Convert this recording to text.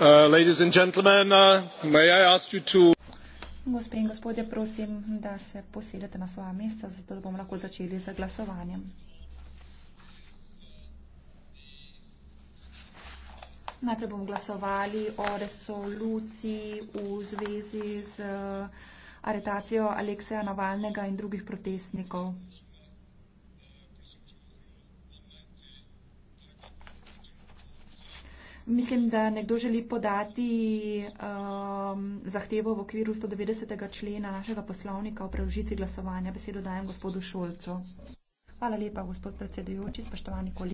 Äh, ladies and gentlemen, äh, may I ask you to. Gospe in gospodje, prosim, da se posedete na svoja mesta, zato da bomo lahko začeli z glasovanjem. Najprej bomo glasovali o resoluciji v zvezi z eh, aretacijo Alekseja Navalnega in drugih protestnikov. Mislim, da nekdo želi podati um, zahtevo v okviru 190. člena našega poslovnika o preložitvi glasovanja. Besedo dajem gospodu Šolcu. Hvala lepa, gospod predsedujoči, spoštovani kolegi.